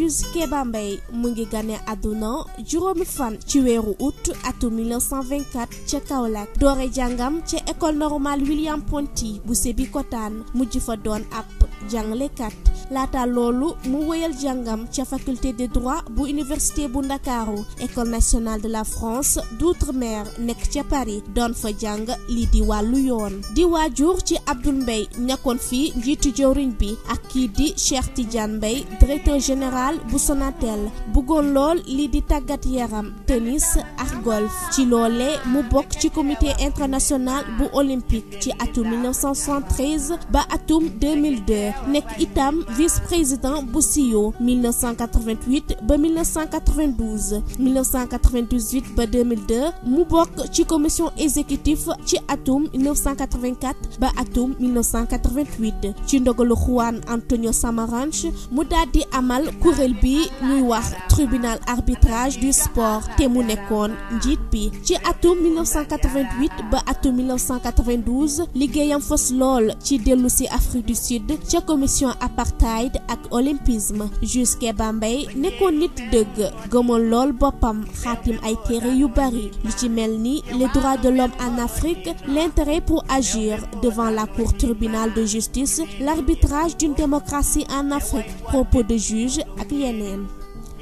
Jules Kéba Mbaye mu ngi gane àdduna juróomi fan ci weeru août atum 1924 ca Kaolack doore jàngam ca école normale William Ponty bu Sébikotane mujj fa doon ab jàngalekat Lata loolu mu wéyal jàngam ca faculté de droit bu université bu ndakaaru école nationale de la France d'outre-mer Nek ca Paris doon fa jàng lii di wàllu yoon di waajur ci Abdoul Mbaye nekkoon fii njiitu bi ak di Cheikh Tidiane directeur général bu Sonatel Lol, lool lii tennis ak golf ci loolee mu comité international bu olympique ci atum 1973 ba atum 2002 Nek itam vice président Boussio 1988 1992 1998 2002 Moubok, bokk commission exécutive ci atum 1984 ba atum 1988 ci Juan Antonio Samaranch mu amal Kourelbi, bi tribunal arbitrage du sport Temunekon, mu nekkoon 1988 1992 Ligayam Foslol lool ci de Afrique du Sud ca commission apartheid pride ak olympisme jusqu'à Bambay, nekkoon nit deug gëmoon lol bopam khatim ay téere yu bari li ci les droits de l'homme en Afrique l'intérêt pour agir devant la cour tribunal de justice l'arbitrage d'une démocratie en Afrique propos de juge ak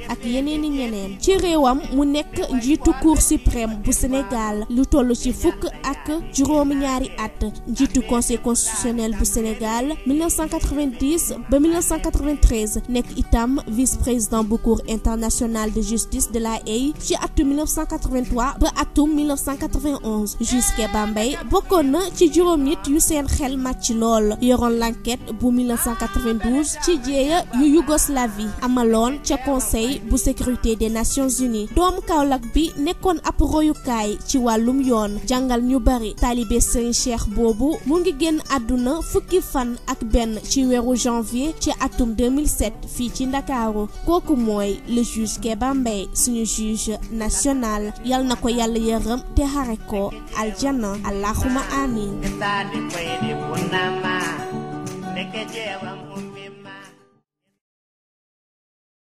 ak yeneen i ñeneen ci réewam mu nekk njiitu cour suprême bu Sénégal lu toll ci fukk ak juróomi ñaari at njiitu conseil constitutionnel bu Sénégal 1990 ba 1993 nekk itam vice-président bu cour International de justice de la Haye ci atum 1983 ba 1991 Jusqu'à bambey Mbaye bokkoon na ci juróom nit yu seen xel màcc lool yoroon l'enquête bu 1992 ci jéeya yu Yougoslavie amaloon ca conseil bu sécurité des nations unies doomu Kaolack bi nekkoon ab royukaay ci wàllum yoon jàngal ñu bari taalibe Serigne Cheikh boobu mu ngi génn àdduna fukki fan ak benn ci weeru janvier ci atum 2007 fii ci Ndakaaru kooku mooy le juge Keba Mbaye suñu juge national yal na ko yàlla yërëm te xare ko aljana allahuma amin